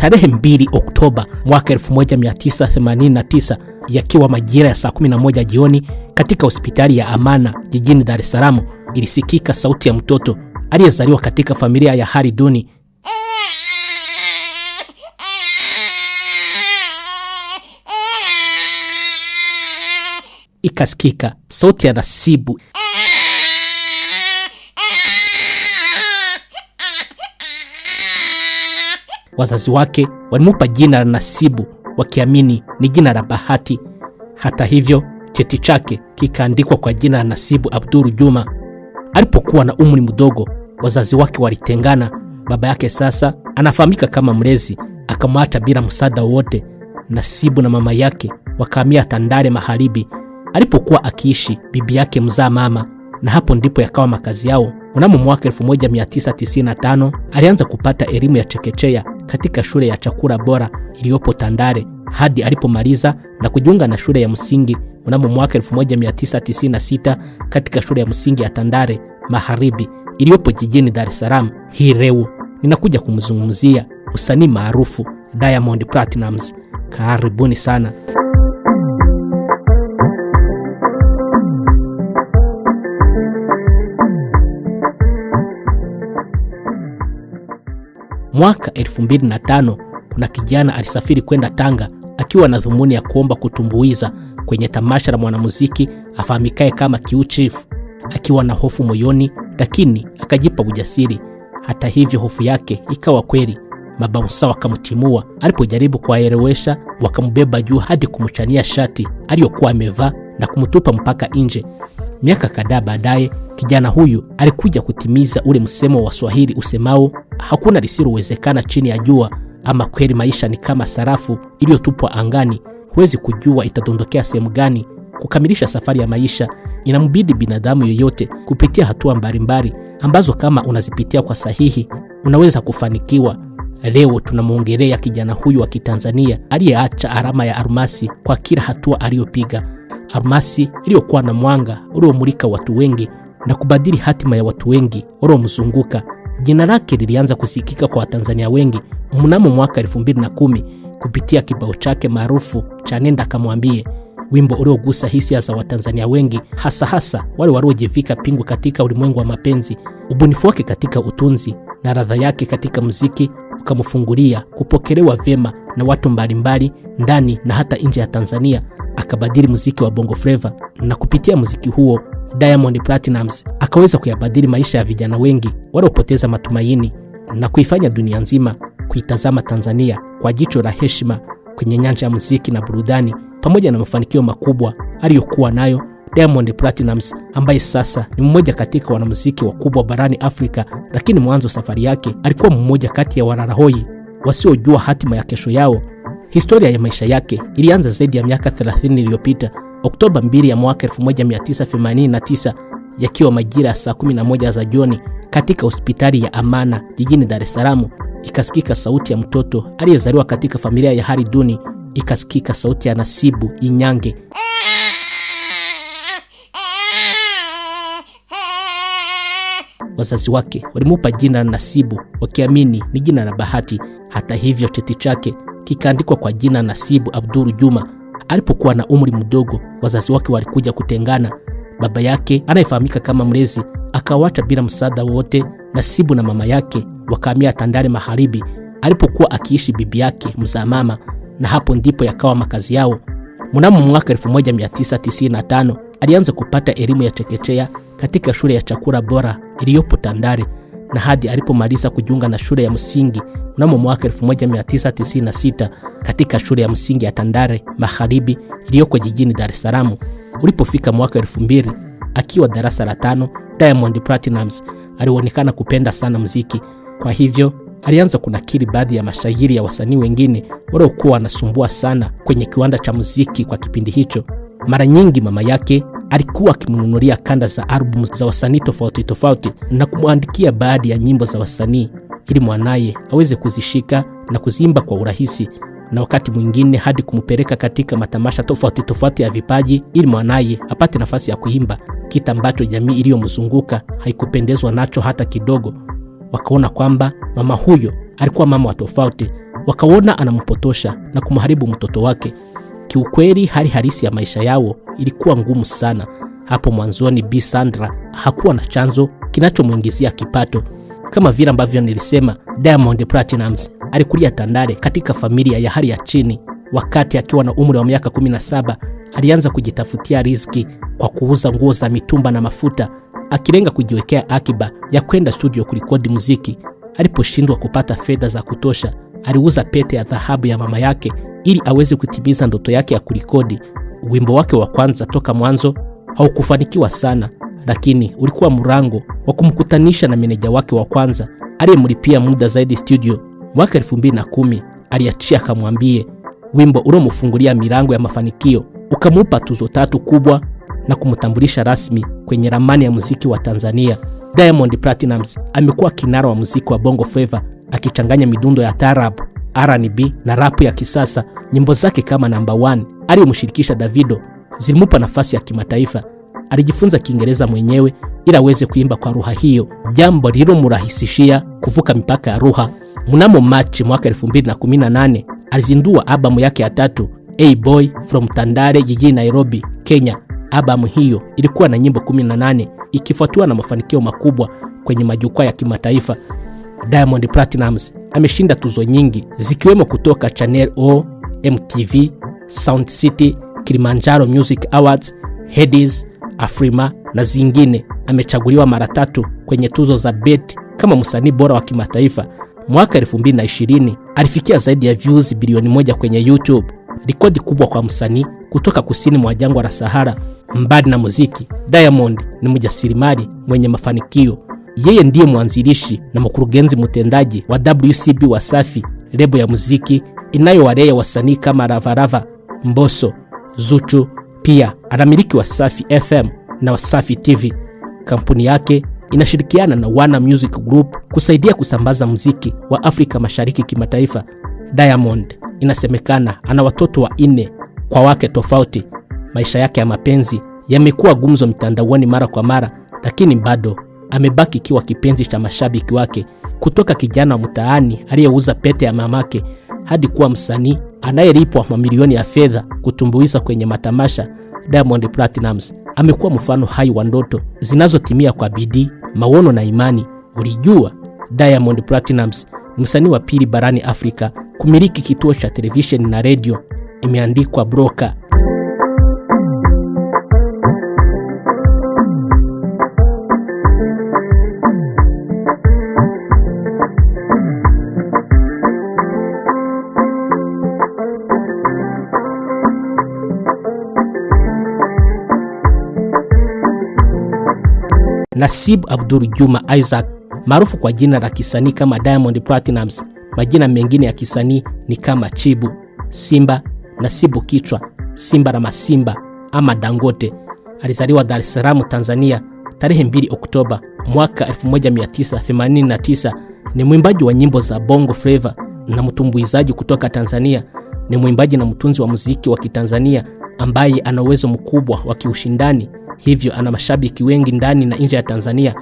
tarehe 2 Oktoba mwaka 1989 yakiwa majira ya saa 11 jioni katika hospitali ya Amana jijini Dar es Salaam ilisikika sauti ya mtoto aliyezaliwa katika familia ya hali duni ikasikika sauti ya nasibu Wazazi wake walimupa jina la Nasibu wakiamini ni jina la bahati. Hata hivyo, cheti chake kikaandikwa kwa jina la Nasibu Abduru Juma. Alipokuwa na umri mdogo, wazazi wake walitengana. Baba yake sasa anafahamika kama mlezi, akamwacha bila msaada wowote. Nasibu na mama yake wakahamia Tandale Magharibi alipokuwa akiishi bibi yake mzaa mama, na hapo ndipo yakawa makazi yao. Mnamo mwaka 1995 alianza kupata elimu ya chekechea katika shule ya chakula bora iliyopo Tandale hadi alipomaliza na kujiunga na shule ya msingi mnamo mwaka 1996 katika shule ya msingi ya Tandale Magharibi iliyopo jijini Dar es Salaam. Hii leo ninakuja kumzungumzia usanii maarufu Diamond Platnumz. Karibuni sana. Mwaka 2005 kuna kijana alisafiri kwenda Tanga akiwa na dhumuni ya kuomba kutumbuiza kwenye tamasha la mwanamuziki afahamikaye kama Kiu akiwa na hofu moyoni, lakini akajipa ujasiri. Hata hivyo, hofu yake ikawa kweli. Mabaunsa wakamtimua alipojaribu kuwaelewesha, wakambeba juu hadi kumchania shati aliyokuwa amevaa na kumtupa mpaka nje. Miaka kadhaa baadaye, kijana huyu alikuja kutimiza ule msemo wa Swahili usemao hakuna lisilowezekana chini ya jua. Ama kweli maisha ni kama sarafu iliyotupwa angani, huwezi kujua itadondokea sehemu gani. Kukamilisha safari ya maisha inambidi binadamu yoyote kupitia hatua mbalimbali ambazo kama unazipitia kwa sahihi unaweza kufanikiwa. Leo tunamwongelea kijana huyu wa Kitanzania aliyeacha alama ya arumasi kwa kila hatua aliyopiga almasi iliyokuwa na mwanga uliomulika watu wengi na kubadili hatima ya watu wengi waliomzunguka. Jina lake lilianza kusikika kwa Watanzania wengi mnamo mwaka 2010 kupitia kibao chake maarufu cha Nenda Kamwambie, wimbo uliogusa hisia za Watanzania wengi, hasa hasa wale waliojivika pingu katika ulimwengu wa mapenzi. Ubunifu wake katika utunzi na ladha yake katika muziki ukamfungulia kupokelewa vyema na watu mbalimbali ndani na hata nje ya Tanzania, akabadili muziki wa Bongo Flava, na kupitia muziki huo Diamond Platinums akaweza kuyabadili maisha ya vijana wengi waliopoteza matumaini na kuifanya dunia nzima kuitazama Tanzania kwa jicho la heshima kwenye nyanja ya muziki na burudani, pamoja na mafanikio makubwa aliyokuwa nayo Diamond Platinums, ambaye sasa ni mmoja katika wanamuziki wakubwa barani Afrika, lakini mwanzo safari yake alikuwa mmoja kati ya wararahoi wasiojua hatima ya kesho yao. Historia ya maisha yake ilianza zaidi ya miaka 30 iliyopita, Oktoba 2 ya mwaka 1989, yakiwa majira ya saa 11 za jioni, katika hospitali ya Amana jijini Dar es Salaam, ikasikika sauti ya mtoto aliyezaliwa katika familia ya hali duni, ikasikika sauti ya Nasibu Inyange Wazazi wake walimupa jina Nasibu wakiamini ni jina la bahati. Hata hivyo, cheti chake kikaandikwa kwa jina Nasibu Abduru Juma. Alipokuwa na umri mdogo, wazazi wake walikuja kutengana. Baba yake anayefahamika kama mlezi akawacha bila msaada wowote. Nasibu na mama yake wakahamia Tandale Magharibi alipokuwa akiishi bibi yake mzaa mama, na hapo ndipo yakawa makazi yao. Mnamo mwaka 1995 alianza kupata elimu ya chekechea katika shule ya chakula bora iliyopo Tandale na hadi alipomaliza kujiunga na shule ya msingi mnamo mwaka 1996 katika shule ya msingi ya Tandale Magharibi iliyoko jijini Dar es Salaam. Ulipofika mwaka 2000 akiwa darasa la tano, Diamond Platnumz alionekana kupenda sana mziki, kwa hivyo alianza kunakili baadhi ya mashairi ya wasanii wengine waliokuwa wanasumbua sana kwenye kiwanda cha muziki kwa kipindi hicho. Mara nyingi mama yake alikuwa akimnunulia kanda za albumu za wasanii tofauti tofauti na kumwandikia baadhi ya nyimbo za wasanii ili mwanaye aweze kuzishika na kuziimba kwa urahisi, na wakati mwingine hadi kumpeleka katika matamasha tofauti tofauti ya vipaji ili mwanaye apate nafasi ya kuimba, kita ambacho jamii iliyomzunguka haikupendezwa nacho hata kidogo. Wakaona kwamba mama huyo alikuwa mama wa tofauti, wakaona anampotosha na kumharibu mtoto wake. Kiukweli hali halisi ya maisha yao ilikuwa ngumu sana. Hapo mwanzoni, Bi Sandra hakuwa na chanzo kinachomwingizia kipato. Kama vile ambavyo nilisema, Diamond Platnumz alikulia Tandale katika familia ya hali ya chini. Wakati akiwa na umri wa miaka 17 alianza kujitafutia riziki kwa kuuza nguo za mitumba na mafuta, akilenga kujiwekea akiba ya kwenda studio kurekodi muziki. Aliposhindwa kupata fedha za kutosha aliuza pete ya dhahabu ya mama yake ili aweze kutimiza ndoto yake ya kurekodi. Wimbo wake wa kwanza toka mwanzo haukufanikiwa sana, lakini ulikuwa mrango wa kumkutanisha na meneja wake wa kwanza aliyemlipia muda zaidi studio. Mwaka 2010 aliachia akamwambie, wimbo uliomufungulia milango ya mafanikio ukamupa tuzo tatu kubwa na kumtambulisha rasmi kwenye ramani ya muziki wa Tanzania. Diamond platinums amekuwa kinara wa muziki wa Bongo Flava akichanganya midundo ya tarab, R&B na rapu ya kisasa. Nyimbo zake kama namba One aliyomshirikisha Davido zilimupa nafasi ya kimataifa. Alijifunza Kiingereza mwenyewe ili aweze kuimba kwa ruha hiyo, jambo lililomrahisishia kuvuka mipaka ya ruha Mnamo Machi mwaka 2018 alizindua albamu yake ya tatu A Boy from Tandale jijini Nairobi, Kenya. Albamu hiyo ilikuwa na nyimbo 18 ikifuatiwa na mafanikio makubwa kwenye majukwaa ya kimataifa. Diamond Platinums ameshinda tuzo nyingi zikiwemo kutoka Channel O, MTV, Sound City, Kilimanjaro Music Awards, Hades, Afrima na zingine. Amechaguliwa mara tatu kwenye tuzo za BET kama msanii bora wa kimataifa. Mwaka 2020 alifikia zaidi ya views bilioni moja kwenye YouTube, rekodi kubwa kwa msanii kutoka kusini mwa jangwa la Sahara. Mbali na muziki, Diamond ni mjasiriamali mwenye mafanikio. Yeye ndiye mwanzilishi na mkurugenzi mtendaji wa WCB Wasafi, lebo ya muziki inayowalea wasanii kama Ravarava, mboso Zuchu. Pia anamiliki Wasafi FM na Wasafi TV. Kampuni yake inashirikiana na Wana Music Group kusaidia kusambaza muziki wa Afrika Mashariki kimataifa. Diamond inasemekana ana watoto wanne kwa wake tofauti. Maisha yake ya mapenzi yamekuwa gumzo mitandaoni mara kwa mara, lakini bado amebaki ikiwa kipenzi cha mashabiki wake, kutoka kijana mtaani aliyeuza pete ya mamake hadi kuwa msanii anayelipwa mamilioni ya fedha kutumbuiza kwenye matamasha. Diamond Platinums. amekuwa mfano hai wa ndoto zinazotimia kwa bidii, maono na imani. Ulijua Diamond Platinums msanii wa pili barani Afrika kumiliki kituo cha televisheni na redio, imeandikwa Broker Nasib Abdul Juma Isaac maarufu kwa jina la kisanii kama Diamond Platinums. Majina mengine ya kisanii ni kama Chibu, Simba, Nasibu Kichwa, Simba la Masimba ama Dangote. Alizaliwa Dar es Salaam, Tanzania tarehe 2 Oktoba mwaka 1989. Ni mwimbaji wa nyimbo za Bongo Flava na mtumbuizaji kutoka Tanzania. Ni mwimbaji na mtunzi wa muziki wa Kitanzania ambaye ana uwezo mkubwa wa kiushindani hivyo ana mashabiki wengi ndani na nje ya Tanzania.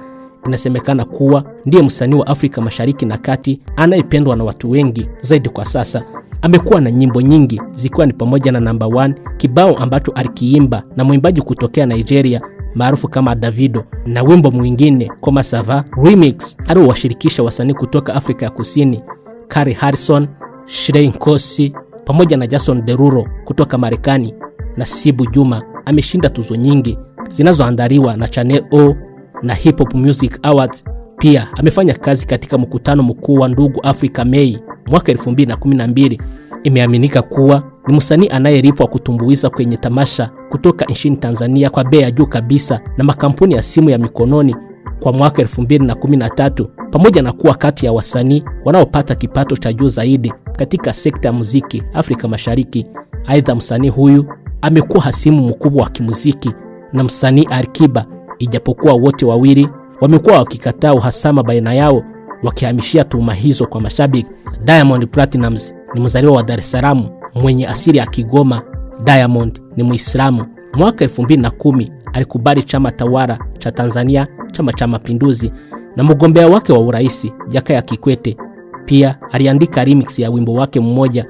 Inasemekana kuwa ndiye msanii wa Afrika Mashariki na Kati anayependwa na watu wengi zaidi kwa sasa. Amekuwa na nyimbo nyingi zikiwa ni pamoja na Number One, kibao ambacho alikiimba na mwimbaji kutokea Nigeria maarufu kama Davido na wimbo mwingine Koma Sava Remix aliowashirikisha wasanii kutoka Afrika ya Kusini, Kari Harrison, Shrey Nkosi pamoja na Jason Derulo kutoka Marekani na Sibu Juma ameshinda tuzo nyingi zinazoandaliwa na Channel O na Hip Hop Music Awards. Pia amefanya kazi katika mkutano mkuu wa Ndugu Afrika Mei mwaka 2012. Imeaminika kuwa ni msanii anayelipwa kutumbuiza kwenye tamasha kutoka nchini Tanzania kwa bei ya juu kabisa na makampuni ya simu ya mikononi kwa mwaka 2013, pamoja na kuwa kati ya wasanii wanaopata kipato cha juu zaidi katika sekta ya muziki Afrika Mashariki. Aidha, msanii huyu amekuwa hasimu mkubwa wa kimuziki na msanii Alikiba, ijapokuwa wote wawili wamekuwa wakikataa uhasama baina yao, wakihamishia tuhuma hizo kwa mashabiki. Diamond Platinumz ni mzaliwa wa Dar es Salaam mwenye asili ya Kigoma. Diamond ni Muislamu. Mwaka 2010 alikubali chama tawala cha Tanzania, Chama cha Mapinduzi, na mgombea wake wa urais Jakaya Kikwete. Pia aliandika remix ya wimbo wake mmoja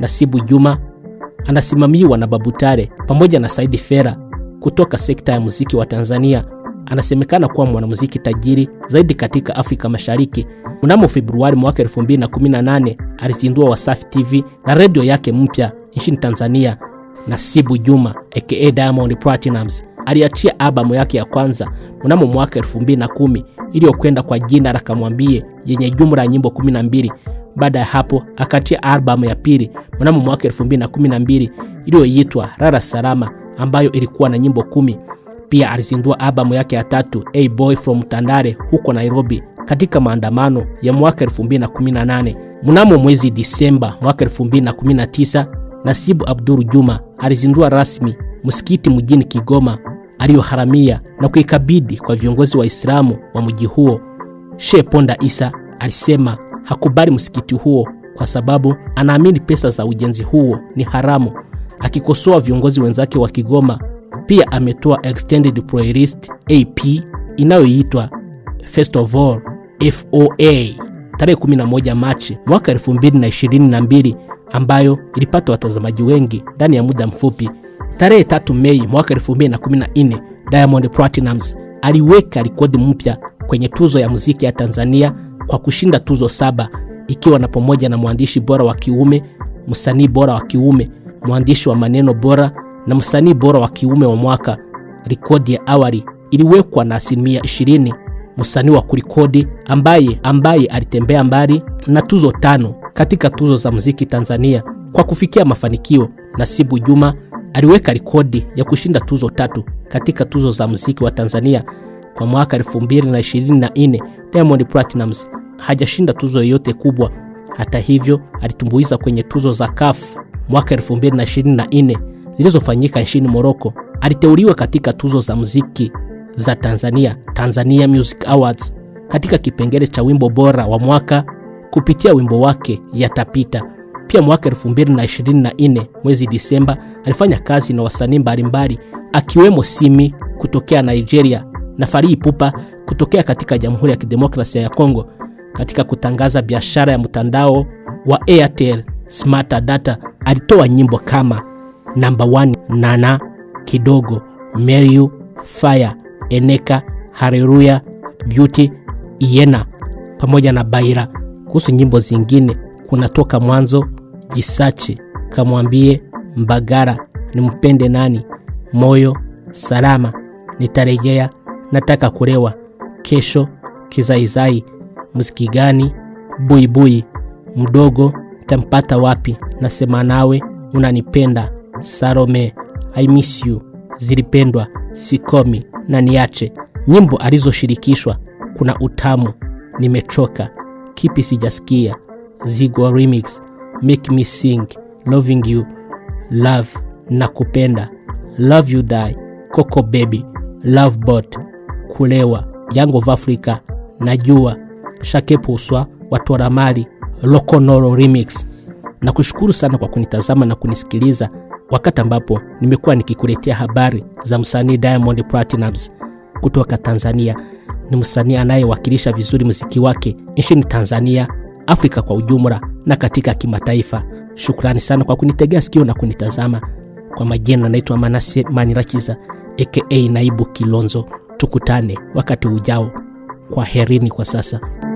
Nasibu Juma anasimamiwa na Babutare pamoja na Saidi Fera kutoka sekta ya muziki wa Tanzania. Anasemekana kuwa mwanamuziki tajiri zaidi katika Afrika Mashariki. Mnamo Februari mwaka 2018 alizindua Wasafi TV na redio yake mpya nchini Tanzania. Nasibu Juma aka Diamond Platinums aliachia albamu yake ya kwanza mnamo mwaka 2010 iliyokwenda kwa jina la Kamwambie yenye jumla ya nyimbo 12. Baada ya hapo akatia albamu ya pili mnamo mwaka 2012 iliyoitwa Rara Salama ambayo ilikuwa na nyimbo kumi. Pia alizindua albamu yake ya tatu A Boy from Tandale huko Nairobi katika maandamano ya mwaka 2018. Mnamo mwezi Disemba mwaka 2019, Nasibu Abdul Juma alizindua rasmi msikiti mjini Kigoma aliyoharamia na kuikabidhi kwa viongozi wa wa, wa mji huo. Sheikh Ponda Isa alisema hakubali msikiti huo kwa sababu anaamini pesa za ujenzi huo ni haramu, akikosoa viongozi wenzake wa Kigoma. Pia ametoa extended playlist AP inayoitwa First of All FOA tarehe 11 Machi mwaka 2022 ambayo ilipata watazamaji wengi ndani ya muda mfupi. Tarehe 3 Mei mwaka 2014 Diamond Platinumz aliweka rekodi mpya kwenye tuzo ya muziki ya Tanzania kwa kushinda tuzo saba ikiwa na pamoja na mwandishi bora wa kiume, msanii bora wa kiume, mwandishi wa maneno bora na msanii bora wa kiume wa mwaka. Rekodi ya awali iliwekwa na asilimia 20. Msanii wa kurikodi ambaye ambaye alitembea mbali na tuzo tano katika tuzo za muziki Tanzania kwa kufikia mafanikio. Nasibu Juma aliweka rekodi ya kushinda tuzo tatu katika tuzo za muziki wa Tanzania kwa mwaka 2024. Diamond platinums hajashinda tuzo yoyote kubwa. Hata hivyo, alitumbuiza kwenye tuzo za CAF mwaka 2024 zilizofanyika nchini Morocco. Aliteuliwa katika tuzo za muziki za Tanzania, Tanzania Music Awards, katika kipengele cha wimbo bora wa mwaka kupitia wimbo wake Yatapita. Pia mwaka 2024 mwezi Disemba alifanya kazi na wasanii mbalimbali akiwemo Simi kutokea Nigeria na Farii pupa kutokea katika Jamhuri ya Kidemokrasia ya Kongo katika kutangaza biashara ya mtandao wa Airtel Smart Data alitoa nyimbo kama namba 1 nana kidogo, meryu Fire, Eneka, hareruya Beauty, Iena pamoja na Baira. Kuhusu nyimbo zingine kuna toka mwanzo, Jisachi, Kamwambie, Mbagara, Nimpende nani, Moyo, Salama, Nitarejea, Nataka kulewa, Kesho, Kizaizai Msikigani, buibui, mdogo, tampata wapi? Nasema nawe unanipenda. sarome I miss you, zilipendwa, sikomi na niache. Nyimbo alizoshirikishwa kuna utamu, nimechoka, kipi sijasikia, Zigo remix, make me sing, loving you, love na kupenda, love you die, Coco baby, love bot, kulewa, yango of Africa, najua Shake Poswa watora mali Lokonoro Remix. Na kushukuru sana kwa kunitazama na kunisikiliza wakati ambapo nimekuwa nikikuletea habari za msanii Diamond Platnumz kutoka Tanzania. Ni msanii anayewakilisha vizuri muziki wake nchini Tanzania, Afrika kwa ujumla na katika kimataifa. Shukrani sana kwa kunitegea sikio na kunitazama. Kwa majina naitwa Manase Manirakiza aka Naibu Kilonzo. Tukutane wakati ujao. kwa herini kwa sasa.